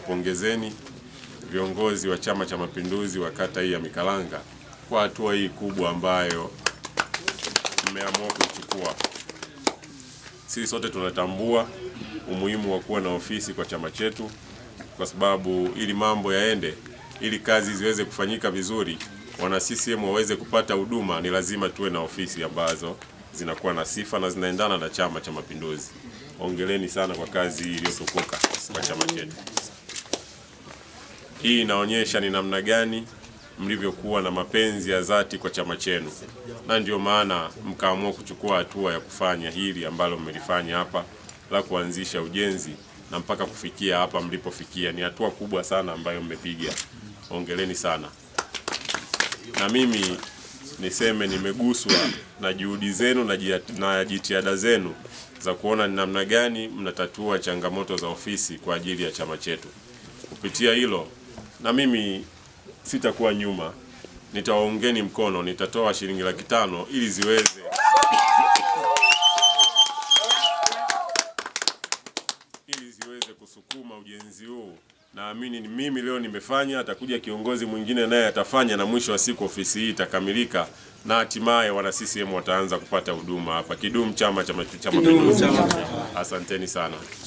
Wapongezeni viongozi wa Chama cha Mapinduzi wa kata hii ya Mikalanga kwa hatua hii kubwa ambayo mmeamua kuichukua. Sisi sote tunatambua umuhimu wa kuwa na ofisi kwa chama chetu, kwa sababu ili mambo yaende, ili kazi ziweze kufanyika vizuri, wana CCM waweze kupata huduma, ni lazima tuwe na ofisi ambazo zinakuwa na sifa na zinaendana na Chama cha Mapinduzi. Ongeleni sana kwa kazi iliyotukuka kwa chama chetu. Hii inaonyesha ni namna gani mlivyokuwa na mapenzi ya dhati kwa chama chenu, na ndio maana mkaamua kuchukua hatua ya kufanya hili ambalo mmelifanya hapa la kuanzisha ujenzi na mpaka kufikia hapa mlipofikia. Ni hatua kubwa sana ambayo mmepiga, ongeleni sana. Na mimi niseme nimeguswa na juhudi zenu na jitihada zenu za kuona ni namna gani mnatatua changamoto za ofisi kwa ajili ya chama chetu. Kupitia hilo na mimi sitakuwa nyuma, nitawaungeni mkono, nitatoa shilingi laki tano ili ziweze ili ziweze kusukuma ujenzi huu. Naamini mimi leo nimefanya, atakuja kiongozi mwingine naye atafanya, na mwisho wa siku ofisi hii itakamilika na hatimaye wana CCM wataanza kupata huduma hapa. Kidumu Chama cha Mapinduzi! Asanteni sana.